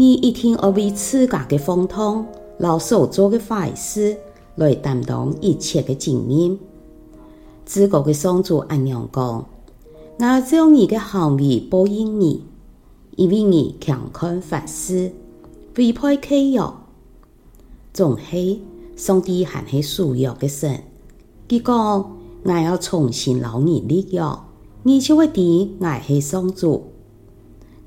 你一定要為自家嘅放蕩、老手做的壞事，來擔當一切嘅罪任。自的主角嘅上主阿樣講：我將你嘅行為報應你，因為你強看壞事，背叛契約。總係上帝還是守約嘅神，結果我要重新老你立約。你就會知，我還是上主。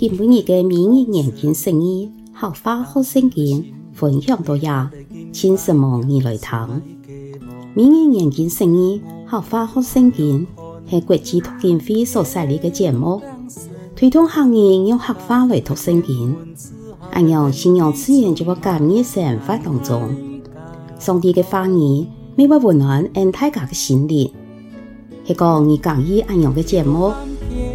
今晡日個每日研經生意，客話學聖經分享到呀，請十萬人來聽。每日研經生意，客話學聖經係國際讀經會所設立嘅節目，推動行業用客話來讀聖經，按樣信仰自然就會今日生活當中，上帝嘅話語每晚溫暖俺大家的心靈，係講你中意按樣嘅節目。